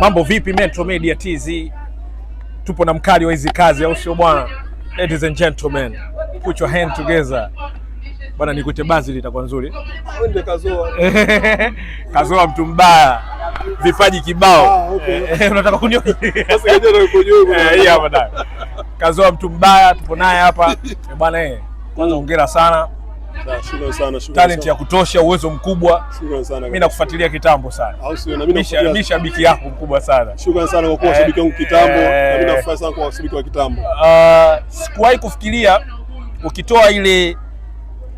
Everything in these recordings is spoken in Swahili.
Mambo vipi, Metro Media TZ, tupo na mkali wa hizi kazi, au sio bwana? Ladies and gentlemen, put your hand together bwana, nikute basi litakuwa nzuri. Wende kazoa. Kazoa mtu mbaya, vipaji kibao. Ah, Unataka kunyoa? Sasa Eh, hapa dada. Kazoa mtu mbaya, tupo naye hapa eh, bwana. Eh, kwanza hongera sana talent ya kutosha, uwezo mkubwa. Mimi nakufuatilia kitambo sana, mimi shabiki yako mkubwa sana. Shukrani sana kwa kuwa eh, shabiki wangu kitambo, na mimi eh. nafurahi sana kwa shabiki wa kitambo. Ah, sikuwahi kufikiria ukitoa ile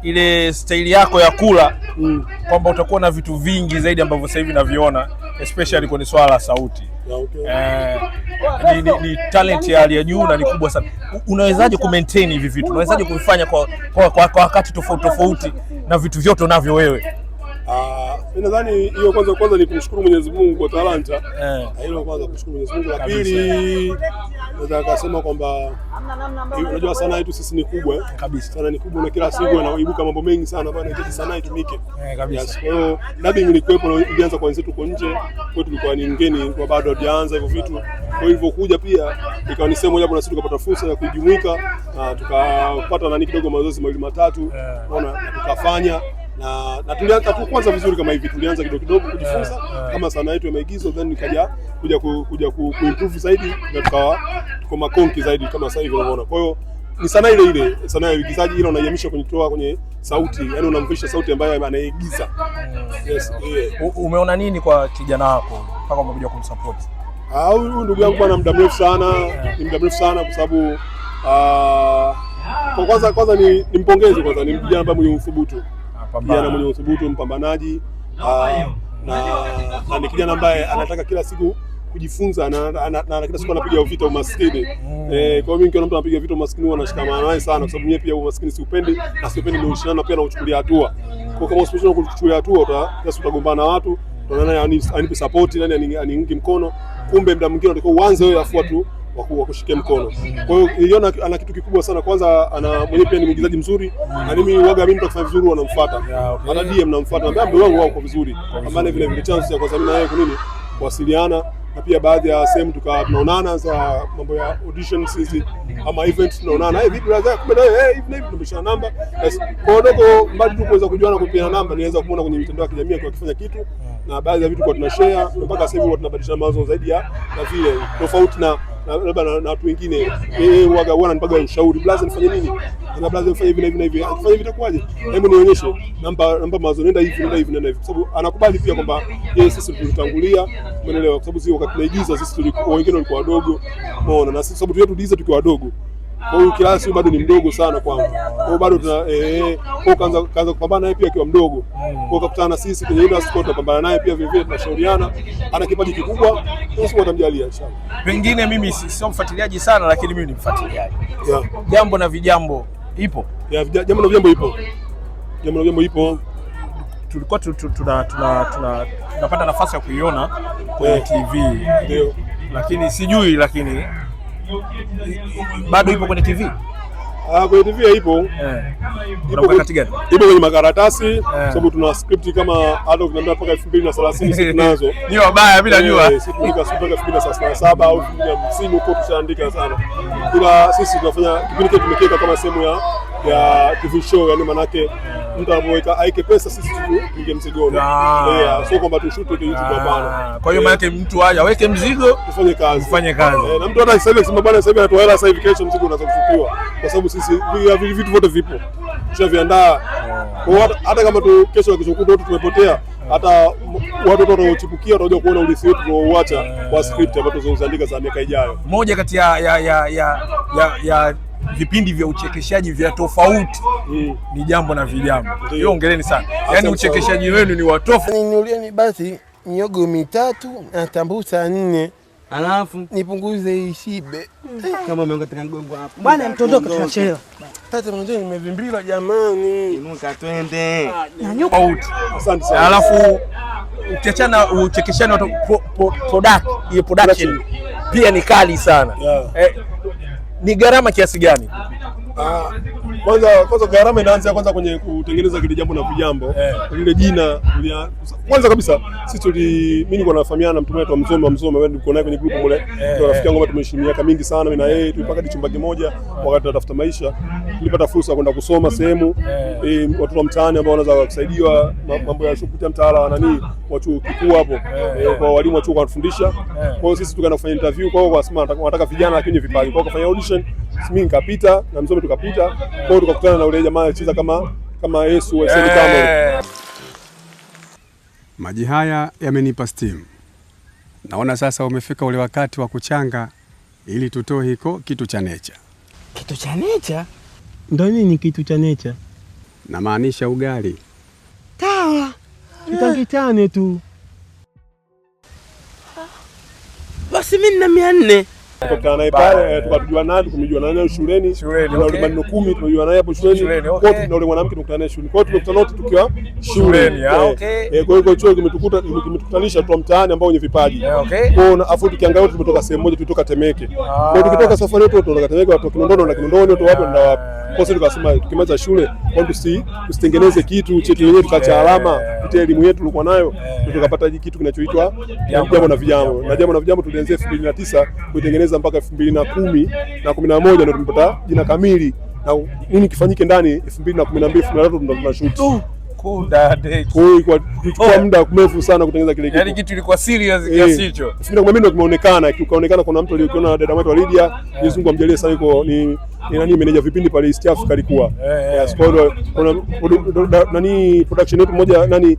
ile staili yako ya kula mm, kwamba utakuwa na vitu vingi zaidi ambavyo sasa hivi naviona, especially kwenye swala la sauti okay. Eh, ni, ni, ni talent ya hali ya juu na ni kubwa sana. Unawezaje ku maintain hivi vitu? Unawezaje kuvifanya kwa, kwa, kwa, kwa wakati tofauti tofauti na vitu vyote unavyo wewe? Ah, mimi nadhani hiyo kwanza kwanza ni kumshukuru Mwenyezi Mungu kwa talanta. Eh. Ah, hilo kwanza kumshukuru Mwenyezi Mungu. La pili naweza kusema kwamba unajua sanaa yetu sisi ni kubwa eh. kabisa. Sanaa ni kubwa na kila siku anaibuka mambo mengi sana bwana, inahitaji sanaa itumike. Eh, kabisa. Kwa hiyo dubbing ilikuwepo na ilianza kwa wenzetu huko nje. Kwa tulikuwa ni ngeni kwa bado hatujaanza hivyo vitu. Kwa hivyo kuja pia ikawa ni sehemu moja na sisi tukapata fursa ya kujumuika na tukapata nani kidogo mazoezi mawili matatu. Eh. Unaona, tukafanya na, na tulianza tu kwanza vizuri kama hivi, tulianza kidogo kidogo kujifunza eh, eh. kama sanaa yetu ya maigizo, then nikaja kuja ku, kuja ku, ku improve zaidi na tukawa tuko makonki zaidi kama sasa hivi unaona. Kwa hiyo ni sanaa ile ile, sanaa ya uigizaji, ila unaihamisha kwenye toa kwenye sauti, yani unamvisha sauti ambayo anaigiza. Mm. Yes, yeah. Umeona nini kwa kijana wako mpaka umekuja kumsupport? Ah, huyu ndugu yangu bwana, muda mrefu sana, ni muda mrefu sana kwa sababu ah, kwa kwanza kwanza ni nimpongeze kwanza, ni mjana ambaye mwenye uthubutu kijana mwenye uthubutu, mpambanaji na ah, na ni kijana ambaye anataka kila siku kujifunza na, na, na, na kila siku anapiga vita umaskini mm. Eh, kwa mimi nikiona mtu anapiga vita umaskini huwa nashikamana naye sana, kwa sababu mimi pia umaskini siupendi na siupendi na pia na kuchukulia hatua. Kwa kama usipochukua kuchukulia hatua uta kutagombana na watu, utaona nani anipe support, nani aniunge mkono, kumbe mda mwingine unatakiwa uanze wewe afua tu wa kushikia mkono. Kwa hiyo niliona ana kitu kikubwa sana. Kwanza ana mwenyewe pia ni mwigizaji mzuri, na mimi waga mimi nikifanya vizuri wanamfuata, ana DM namfuata, naambia mdogo wangu wao kwa vizuri, amana vile vile chance ya kwanza mimi na yeye kunini kuwasiliana na pia baadhi ya sehemu tuka tunaonana za mambo ya audition sisi ama event tunaonana, hey vipi brother, kumbe na wewe hivi na hivi, tumeshana namba. Kwa dogo mbali tu kuweza kujuana kupiana namba, niweza kuona kwenye mitandao ya kijamii kwa kufanya kitu, na baadhi ya vitu kwa tunashare mpaka sasa hivi tunabadilishana mawazo zaidi ya na vile tofauti na labda na watu wengine, yeye huaga huwa ananipaga ushauri, blaza nifanye nini na blaza nifanye hivi na hivi na hivi, akifanya hivi itakuwaje, hebu nionyeshe, namba nampa mawazo, nenda hivi nenda hivi nenda hivi, kwa sababu anakubali pia kwamba yeye, sisi tulitangulia, umeelewa? Kwa sababu sio wakati tunaigiza sisi, tulikuwa wengine walikuwa wadogo, unaona, na sisi sababu tuliyo tukiwa wadogo kwa hiyo Kilala sio bado ni mdogo sana kwangu. Kwa hiyo bado tuna eh, eh kwa kaanza kaanza kupambana naye pia akiwa mdogo. Kwa hiyo kakutana na sisi kwenye ile asko tutapambana naye pia vivyo tunashauriana. Ana kipaji kikubwa, kwa sababu atamjalia inshallah. Pengine mimi si, sio mfuatiliaji sana lakini mimi ni mfuatiliaji. Yeah. Jambo na vijambo ipo. Yeah, jambo na vijambo ipo. Jambo na vijambo ipo. Tulikuwa tuna tuna tunapata nafasi ya kuiona kwenye eh. TV. Ndio. Lakini sijui lakini bado ipo kwenye TV? Ah, kwenye TV haipo. Eh. Ipo wakati gani? Ipo kwenye makaratasi eh, sababu tuna script kama ado tunaambia mpaka 2030 sisi tunazo. Ni wabaya bila jua. Eh, sisi tunaandika mpaka 2037 au 2050 huko tushaandika sana. Ila sisi tunafanya kipindi kile tumekeka kama sehemu ya ya TV show yani manake mtu anapoweka aike pesa, sisi tupige mzigo, ah. sio kwamba tushute tu YouTube. Ah. Hapana. Kwa hiyo maana mtu aje aweke mzigo, tufanye kazi, tufanye kazi. Eh, na mtu hata sasa sema bwana, sasa hivi anatoa hela, sasa hivi kesho mzigo unaweza kufukiwa, kwa sababu sisi vitu vyote vipo tushaviandaa. Ah. Hata kama tu kesho akishukuta watu tumepotea hata watoto wanaochipukia watakuja kuona urithi wetu tunaouacha wa script ambazo tunazoziandika za miaka ijayo. Moja kati ya ya ya ya vipindi vya uchekeshaji vya tofauti mm. ni jambo na vijambo hiyo, ongeleni sana yaani uchekeshaji wenu ni watofauti. Ninulieni basi miogo mitatu na tambusa nne alafu nipunguze ishibe kama umeanga tena mgongo hapo bwana, mtondoka tunachelewa. Tata mwanzo nimevimbila jamani, inuka twende. tofauti Asante sana. Alafu ukiachana uchekeshana product, hiyo production pia ni kali sana yeah. eh, ni gharama kiasi gani? Kwanza kwanza gharama inaanza kwanza kwenye kutengeneza kile jambo na kujambo eh. lile jina. Kwanza kabisa sisi tuli mimi niko nafahamiana na mtu mmoja wa Mzoma Mzoma, wewe niko naye kwenye group mole, eh. ndio rafiki yangu ambaye tumeishi miaka mingi sana mimi na yeye, tulipaka chumba kimoja wakati tunatafuta maisha. Tulipata fursa kwenda kusoma sehemu eh, eh watu wa mtaani ambao wanaweza kusaidiwa mambo ya shughuli ya mtaala na nini wa chuo kikuu hapo, kwa walimu wa chuo kwa wanatufundisha. Kwa hiyo sisi tukaenda kufanya interview kwao, kwa sababu wanataka vijana lakini vipaji kwao, kufanya audition mimi nikapita na Mzombe tukapita, kwa hiyo tukakutana na ule jamaa alicheza kama kama Yesu yeah. Eh. Maji haya yamenipa steam. Naona sasa umefika ule wakati wa kuchanga ili tutoe hiko kitu cha necha. Kitu cha necha? Ndio nini kitu cha necha? Namaanisha ugali. Tawa tutakichane tu basi, mimi na mia nne. Tumekaa naye pale, eh, tukatujua naye, tumejua naye shuleni. Tuna maneno kumi tumejua naye hapo shuleni. Kwa hiyo tuna mwanamke tukutana naye shuleni. Kwa tumekutana wote tukiwa shuleni. Ah, eh, eh, kwa hiyo chuo kimetukuta kimetukutanisha tu mtaani ambao wenye vipaji. Kwa hiyo afu tukiangalia tumetoka sehemu moja, tulitoka Temeke. Kwa hiyo tukitoka safari yetu tunatoka Temeke, tunatoka Kinondoni na Kinondoni, watu wapi na wapi. Kwa sababu tukasema tukimaliza shule, kwa tusi tusitengeneze kitu chetu wenyewe tukacha alama kupitia elimu yetu tulikuwa nayo, ndio tukapata hiki kitu kinachoitwa Jambo na Vijambo. Na Jambo na Vijambo na 2009 kuitengeneza mpaka 2010 na 11 ndio tumepata jina kamili na nini kifanyike ndani 2012 2013 ndo tunashuti kunda ndege. Kwa hiyo kuchukua oh. muda mrefu sana kutengeneza kile yaani kitu. Yaani kitu ilikuwa serious eh. kiasi hicho. Sisi ndio ndio kimeonekana, kiukaonekana kuna mtu aliyokiona dada mwetu Lydia, eh. Mwenyezi amjalie sana yuko ni ni nani meneja vipindi pale East Africa alikuwa. Eh, yes, kwa hiyo nani production yetu mmoja nani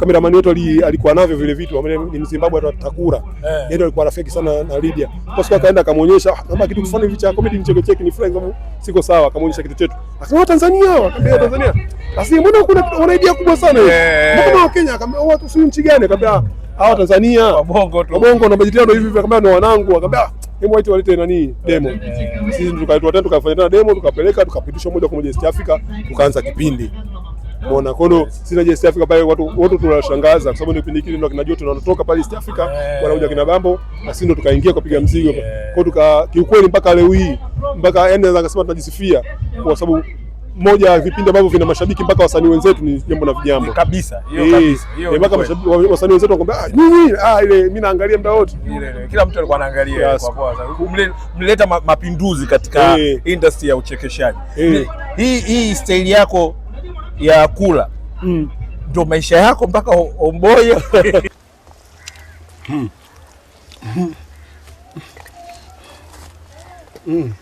kameramani wetu alikuwa navyo vile vitu, ni Mzimbabwe atakura yeye ndio alikuwa rafiki sana na Lydia. Kwa sababu akaenda akamuonyesha, kama ah, kitu fulani hivi cha comedy mcheko cheki ni fly, siko sawa, akamuonyesha kitu chetu. Akasema Tanzania, akamwambia Tanzania lakini mbona kuna ah. una idea kubwa sana hiyo. Yeah. Mbona Kenya akamwambia watu oh, si nchi gani? Akamwambia hawa ah, ah, Tanzania. Wabongo tu. Wabongo na bajeti yao hivi hivi akamwambia ni wanangu. Akamwambia hebu waite walete nani demo. Sisi tukaitwa tena tukafanya tena demo tukapeleka tukapitisha moja kwa moja East Africa tukaanza kipindi. Mbona kono hiyo sisi na East Africa pale watu watu tunashangaza kwa sababu ni kipindi kile ndio kinajua tunatoka pale East Africa eh. wanakuja kina Bambo na sisi ndio tukaingia kupiga mzigo. Eh. Kwa hiyo tuka kiukweli mpaka leo hii mpaka yani naweza kusema tunajisifia kwa sababu moja ya vipindi ambavyo vina mashabiki mpaka wasanii wenzetu ni jambo na vijambo kabisa, hiyo eh, kabisa, hiyo eh, mpaka wasanii wenzetu wakwambia ah, nini ah, ile mimi naangalia muda wote, ile kila mtu alikuwa anaangalia Kwa kwa mleta mapinduzi katika hey. Eh. industry ya uchekeshaji hii hii staili yako ya kula mm. ndio mm. maisha yako mpaka omboyo mm. mm.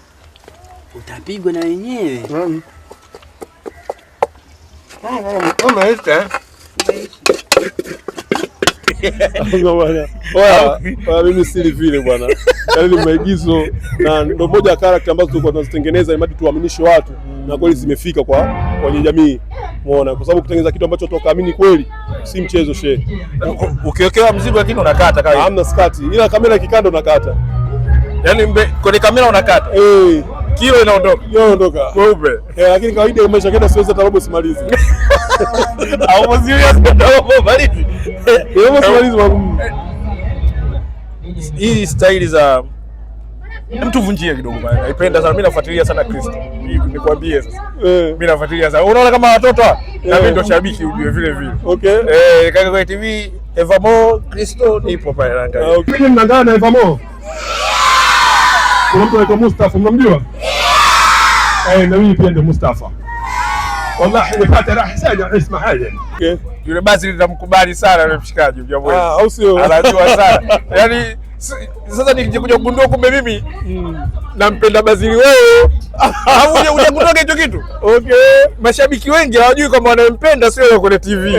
utapigwa na wenyewe mm. Mimi sili vile bwana, yaani ni maigizo na ndo moja ya karakta ambazo tulikuwa tunazitengeneza ili tuwaaminishe watu na kweli zimefika kwa kwenye jamii, umeona, kwa sababu kutengeneza kitu ambacho tukaamini kweli si mchezo she. Ukiwekewa mzigo lakini unakata kama hamna skati, ila kamera kikando unakata, yaani kwenye kamera unakata eh kilo inaondoka, kilo inaondoka weupe. Eh, lakini kawaida umesha kenda, siwezi hata robo simalizi, au serious ndio robo simalizi, eh, robo simalizi wangu. Hii style za mtu vunjia kidogo bana, naipenda sana mimi, nafuatilia sana Kristo, nikwambie sasa. Eh. Mimi nafuatilia sana, unaona kama watoto na mimi ndo eh. shabiki ujue vile vile. Okay, eh, kaka kwa TV Evamo Kristo nipo pale, naangalia. Ah, mimi mnaangalia na Evamo kuna mtu anaitwa Mustafa, unamjua? Eh, na mimi pia ndio Mustafa. Wallahi nipata raha sana isma haja. Okay. Yule basi nitamkubali sana na mshikaji mjomba wetu. Ah, au sio? Anajua sana. Yaani sasa nikikuja kugundua kumbe mimi mm. nampenda Bazili wewe. Au unagundua hicho kitu? Okay. Mashabiki wengi hawajui kwamba wanampenda sio yule kwenye TV.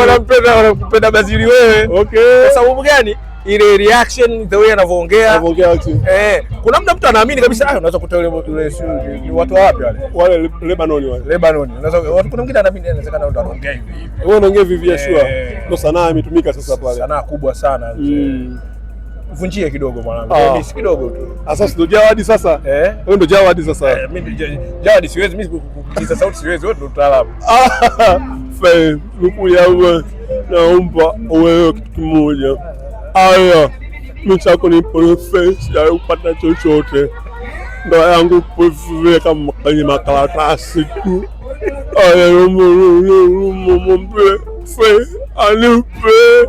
Wanampenda wanampenda Bazili wewe. Okay. Kwa sababu gani? ile reaction the way anavyoongea anavyoongea watu eh, kuna mtu mtu anaamini kabisa, ah, unaweza kutoa yule yule ni watu wapi wale wale Lebanon wale Lebanon, unaweza watu, kuna mwingine anaamini inawezekana ndo anaongea hivi hivi, wewe unaongea vipi? Ya sure eh. ndo sanaa imetumika sasa pale, sanaa kubwa sana mm. Vunjie kidogo mwanangu, ah. mimi si kidogo tu. Sasa ndo Jawadi sasa. Eh? Wewe ndo Jawadi sasa. Eh, mimi Jawadi siwezi mimi kukukiza sauti siwezi, wewe ndo mtaalamu. Fa, lumu ya wewe naomba wewe kitu kimoja haya nitakuniprofesi kupata chochote. Ndoa yangu vile kwenye makaratasi tu. Ayamumbile fe anipe.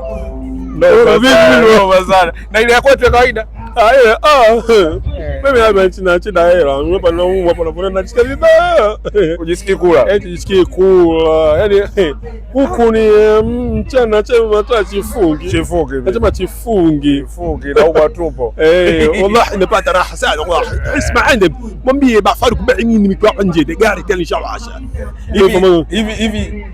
Ndoa vipi? Ndoa sana na ile ya kwetu ya kawaida Aye, ah. Eh. Mimi hapa china china hela. Hapa na umu hapa napoona na chika vibaya. Ujisikii kula. Eh, ujisikii kula. Yaani huku ni eh, mchana chema tu chifungi. Chifungi. Nasema chifungi. Chifungi na huko tupo. Eh, wallahi napata raha sana wallahi. Isma ande mwambie bafaruku bai nini mkiwa nje de gari tena inshallah asha. Hivi hivi hivi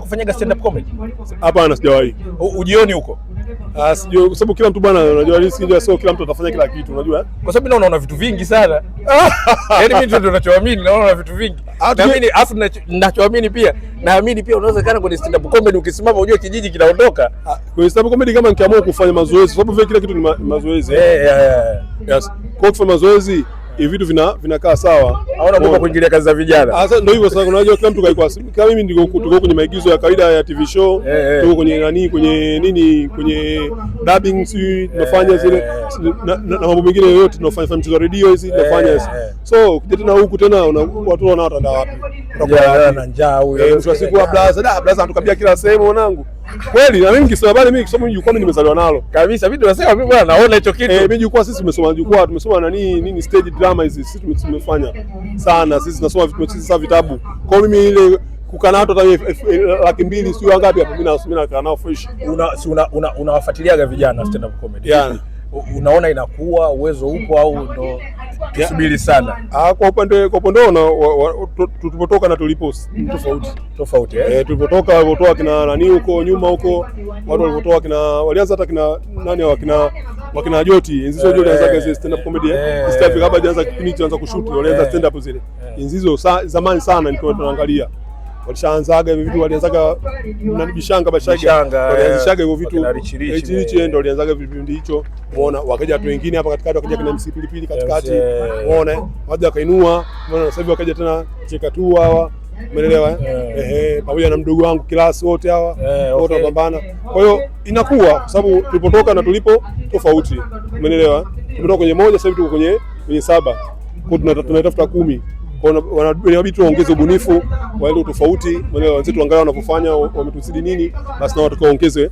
kufanyaga stand up comedy? Hapana sijawahi. Ujioni huko? Ah, sio kwa sababu kila mtu bwana, unajua risk, sio kila mtu atafanya kila kitu, unajua kwa sababu mimi naona vitu vingi sana. Yaani mimi ndio ninachoamini, naona vitu vingi. Ah, naamini afu ninachoamini pia, naamini pia unaweza kana kwenye stand up comedy ukisimama, unajua kijiji kinaondoka. Ah, kwenye stand up comedy kama nikiamua kufanya mazoezi, sababu vile kila kitu ni mazoezi. Eh, yeah, yeah, eh, eh. yes. Kwa kufanya mazoezi hivi vitu vinakaa vina sawa, hauna kuingilia kazi za vijana. Ah, sasa ndio hivyo sasa, unajua kila mtu kaiko kama mimi ndiko tuko kwenye maigizo ya kawaida ya TV show hey, eh, eh. hey. Tuko kwenye nani kwenye nini kwenye dubbing si eh, tunafanya hey, zile na, na, na mambo mengine yoyote tunafanya, mchezo wa redio hizi tunafanya hey, so kuja tena huku tena watu wanaotanda wapi? na njaa huyo mtu eh, blaza anatukabia kila sehemu mwanangu. Kweli na mimi kisema bali mimi kisoma jukwaa mimi nimezaliwa nalo. Kabisa mimi nasema mimi bwana naona hicho kitu. Eh, mimi jukwaa sisi tumesoma jukwaa tumesoma nani nini stage drama hizi sisi tumefanya sana sisi tunasoma vitu sisi sasa vitabu. Kwa mimi ile kukaa na hata eh, laki mbili sio ngapi hapo mimi na mimi nao fresh. Una unawafuatiliaga vijana stand up comedy. Yaani unaona inakuwa uwezo upo au ndo tusubiri sana. Ah, kwa upande kwa upande wao tulipotoka na tulipo mm. tofauti tofauti. Eh, eh tulipotoka walipotoa kina nani huko nyuma huko watu walipotoa kina walianza hata kina nani wa kina wakina Joti Nzizo Joti anza kazi eh. stand up comedy eh, eh. stand up kabla hajaanza kipindi cha kuanza kushoot walianza stand up zile Nzizo zamani sana nilikuwa tunaangalia walishaanzaga hivi vitu, walianzaga na bishanga bashaga, walianzishaga hivyo eh, vitu hichi hichi, ndio walianzaga vipindi hicho, umeona. Wakaja watu wengine hapa katikati, wakaja kina ah. MC Pilipili katikati, umeona, waja wakainua, umeona. Sasa hivi wakaja tena cheka tu hawa, umeelewa eh, Eh, pamoja na mdogo wangu Kilasi, wote hawa eh, wote wanapambana. Kwa hiyo inakuwa kwa sababu tulipotoka na tulipo tofauti, umeelewa. Tumetoka kwenye moja, sasa hivi tuko kwenye kwenye saba, kwa tunatafuta kumi wanabidi waongeze ubunifu, waende tofauti, wenzetu angalau wanavyofanya wametuzidi nini, basi nao tukaongeze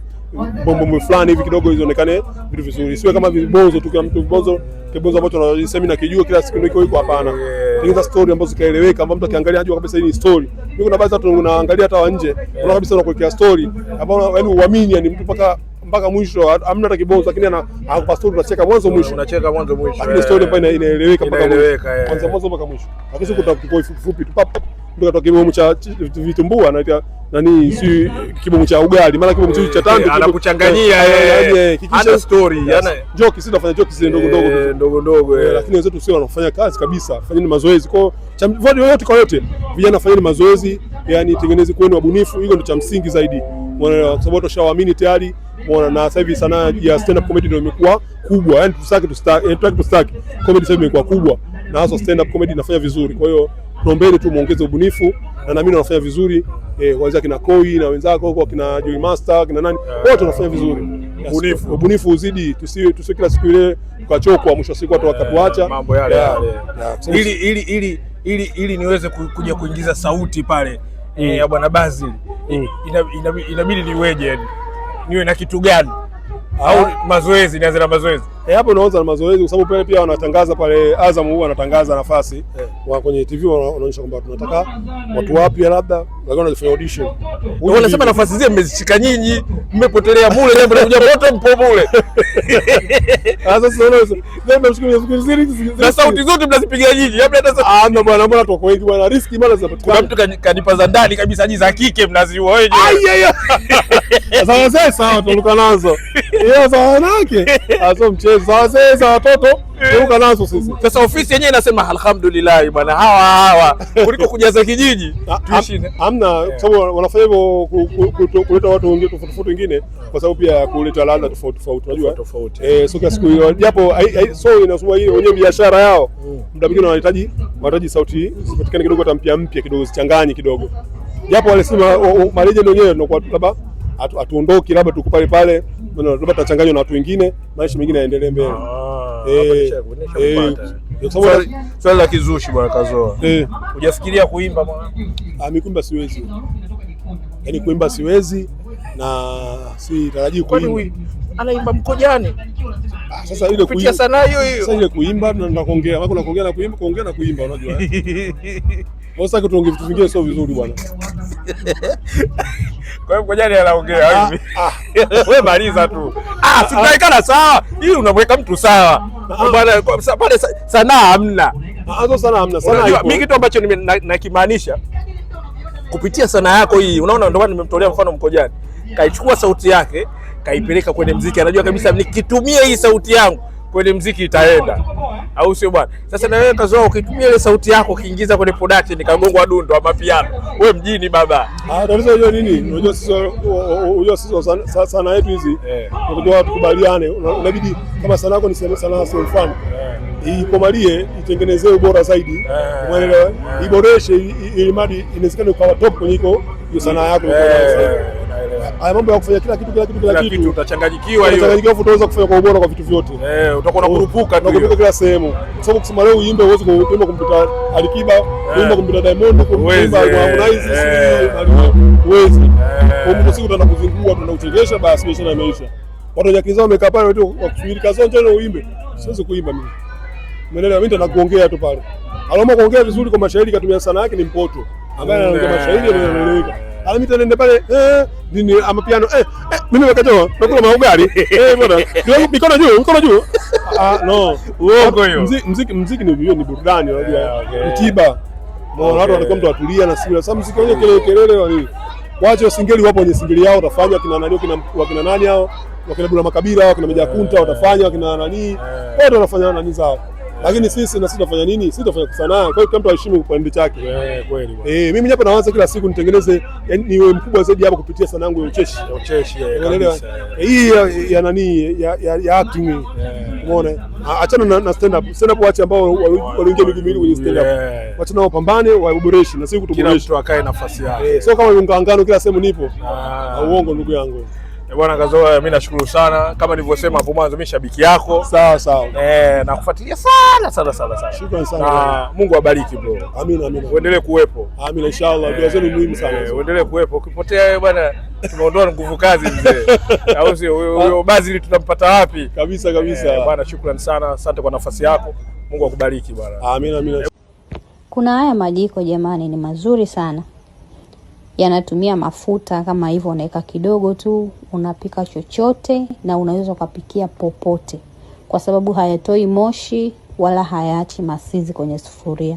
bombo fulani hivi kidogo, izionekane vitu vizuri, siwe kama vibonzo tu, kila mtu vibonzo kibonzo ambacho tunasema na kijua kila siku niko huko, hapana. Tengeneza story ambazo zikaeleweka, ambapo mtu akiangalia anajua kabisa hii ni story. Mimi kuna baadhi watu unaangalia hata wa nje, unaona kabisa unakuwekea story ambao yaani uamini, yani mtu paka mpaka mwisho, amna hata kibonzo, lakini anakupa story, unacheka mwanzo mwisho, unacheka mwanzo mwisho, lakini story pale eh. inaeleweka mpaka mwisho, mwanzo eh. mwanzo mpaka mwisho. Lakini siku tutakuwa fupi tu pap, ndio katoka kibomu cha vitumbua na nani, si kibomu cha ugali, maana kibomu cha tando eh, anakuchanganyia yeye, ana story, yana joke. sio nafanya joke zile ndogo ndogo ndogo ndogo, lakini wenzetu sio wanafanya kazi kabisa. Fanyeni mazoezi kwa kwao, yote kwa yote, vijana fanyeni mazoezi, yani tengeneze, kwenu wabunifu. Hiyo ndio cha msingi zaidi, kwa sababu watu washawaamini tayari Mwana, na sasa hivi sana ya stand up comedy ndio imekuwa kubwa, yani tusitaki tusitaki, yani tutaki tusitaki, comedy sasa imekuwa kubwa, na hasa stand up comedy inafanya vizuri. Kwa hiyo tuombeeni tu muongeze ubunifu, na naamini wanafanya vizuri eh, kuanzia kina Koi na wenzako huko kina Joy Master kina nani wote wanafanya vizuri. Ubunifu ubunifu uzidi, tusiwe tusiwe kila siku ile tukachokwa, mwisho wa siku watu wakatuacha eh, mambo yale yale, ili ili ili ili ili niweze kuja kuingiza sauti pale eh, ya mm. bwana Bazili mm. inabidi niweje yani niwe na kitu gani, au ah. mazoezi nianze na mazoezi E, hapo unaanza na mazoezi kwa sababu pale pia wanatangaza pale Azam huwa wanatangaza nafasi yeah. Wa kwenye TV wanaonyesha kwamba tunataka watu wapya labda lakini wanafanya audition. Wao Wanasema nafasi zile mmezishika nyinyi, mmepotelea bure jambo linakuja moto mpo bure. Ah, sasa sio ndio mnashukuru mshukuru zili na sauti zote mnazipiga nyinyi. Labda hata sasa ah, bwana mbona tuko wengi bwana, risk mara zinapatikana. Kuna mtu kanipa za ndani kabisa nyinyi za kike mnaziua wewe. Ai ai. Sasa sasa sawa tunaluka nazo. Yeye sawa nake. Aso ah, mche za wazee watoto tuka eh. nazo sisi. Sasa ofisi yenyewe inasema alhamdulillah, bwana hawa hawa kuliko kujaza kijiji hamna, eh. kwa sababu wanafanya hivyo kuleta watu wengine tofauti tofauti, wengine kwa sababu pia kuleta ladha tofauti tofauti, unajua tofauti eh, so kiasi hiyo, japo so inasema hiyo wenyewe biashara yao, mm. muda mwingine wanahitaji wanahitaji sauti zipatikane kidogo, hata mpya kidogo, zichanganye kidogo, japo walisema mareje ndio wenyewe labda hatuondoki, labda tuko pale pale labda tutachanganywa na watu wengine, maisha mengine yaendelee mbele. Swali la kizushi bwana Kazoa, eh. hujafikiria kuimba bwana? Ah, mikuimba siwezi, yaani kuimba siwezi na sitarajii kuimba. Anaimba mkojani. Ah, sasa ile kuimba sanaa hiyo hiyo. Sasa ile kuimba na kuongea, wako na kuongea na kuimba, kuongea na kuimba unajua. wewe, Sasa kitu kingine sio vizuri bwana. Kwa hiyo ngojani anaongea hivi. Ah, ah. Wewe maliza tu. Ah, sitaikana sawa. Hii unamweka mtu sawa. Ah. Bwana pale sanaa hamna. Hazo sanaa hamna. Sanaa Mimi kitu ambacho nakimaanisha kupitia sanaa yako hii, unaona ndio maana nimemtolea mfano Mkojani. Kaichukua sauti yake, kaipeleka kwenye mziki. Anajua kabisa nikitumia hii sauti yangu kwenye mziki itaenda au sio bwana? Sasa na wewe kazoa, ukitumia ile sauti yako ukiingiza kwenye production, kagongwa dundo ama piano, wewe mjini baba. Ah, tatizo unajua nini? Unajua sisi unajua sisi sana yetu hizi eh. unajua, tukubaliane, unabidi kama sana yako ni sana sio mfano ikomalie itengenezee ubora zaidi, eh. umeelewa? Eh. Iboreshe ili madi inawezekana ukawa top kwenye hiyo sanaa yako haya mambo ya kufanya kila kitu kila kitu kila kitu, utachanganyikiwa hiyo, utachanganyikiwa, utaweza kufanya kwa ubora kwa vitu vyote eh, utakuwa unakurupuka tu, unakurupuka kila sehemu, kwa sababu kusema leo uimbe uweze kuimba kumpita Alikiba, eh. uimba kumpita Diamond, kuimba Harmonize, eh. uweze kwa eh. mtu siku tunakuzingua tunauchelewesha, basi biashara imeisha. Watu wa kizao wamekaa pale wetu wakusubiri kazonje, leo uimbe, siwezi kuimba mimi, umeelewa? Mimi nitakuongea tu pale, alama kuongea vizuri kwa mashairi, katumia sana yake ni mpoto ambaye anaongea mashairi anaeleweka alamita nende pale eh, nini amapiano eh, eh, mimi wakatoa nakula maugali eh, bwana mikono juu mikono juu ah no uongo hiyo mziki mziki, mziki ni ni burudani unajua yeah, okay. mtiba Mbona okay. watu watakuwa mtu atulia na sura. Sasa mziki wenyewe kelele kelele wa nini? Wache wapo wenye singeli yao watafanya kina nani kina wakina nani hao wakina Dula Makabila wakina Meja Kunta watafanya wakina nani watu wanafanya nani zao lakini sisi na sisi tunafanya nini? Sisi tunafanya sanaa, kwa hiyo kila mtu aheshimu kipande chake. Eh, kweli bwana. eh, mimi hapa nawaza kila siku nitengeneze, yani niwe mkubwa zaidi hapa kupitia sanaa yangu ya ucheshi, ya ucheshi eh, hii ya ya nani, ya ya acting. Eh. Umeona, achana na na stand up. Stand up wacha ambao waliingia miguu miwili kwenye stand up, wacha nao pambane, waboreshe na sisi kutuboresha, kila mtu akae nafasi yake. Eh, sio kama ngangano, kila sehemu nipo, Ah, uongo ndugu yangu. Eh, bwana Kazola, mimi nashukuru sana, kama nilivyosema hapo mwanzo, mimi shabiki yako. Sawa sawa. Eh, nakufuatilia sana sana sana sana. Shukrani sana. Na Mungu abariki bro. Amina amina. Uendelee kuwepo. Amina inshallah. Dua zenu eh, muhimu sana. Eh, uendelee kuwepo. Ukipotea wewe bwana, tunaondoa nguvu kazi mzee. Au sio? Huyo basi tunampata wapi? Kabisa kabisa. Eh, bwana shukrani sana. Asante kwa nafasi yako. Mungu akubariki bwana. Amina amina. Kuna haya majiko jamani, ni mazuri sana yanatumia mafuta kama hivyo, unaweka kidogo tu, unapika chochote na unaweza ukapikia popote, kwa sababu hayatoi moshi wala hayaachi masizi kwenye sufuria.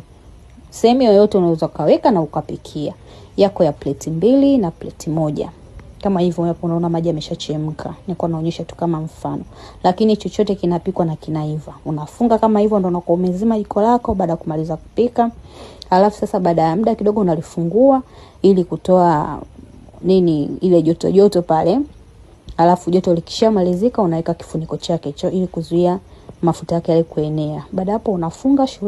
Sehemu yoyote unaweza ukaweka na ukapikia. Yako ya pleti mbili na pleti moja kama hivyo hapo, unaona maji yameshachemka, niko naonyesha tu kama mfano, lakini chochote kinapikwa na kinaiva, unafunga kama hivyo, ndio unakuwa umezima jiko lako baada ya kumaliza kupika. Alafu sasa, baada ya muda kidogo, unalifungua ili kutoa nini, ile joto joto pale. Alafu joto likishamalizika, unaweka kifuniko chake hicho ili kuzuia mafuta yake yale kuenea. Baada hapo, unafunga shughuli.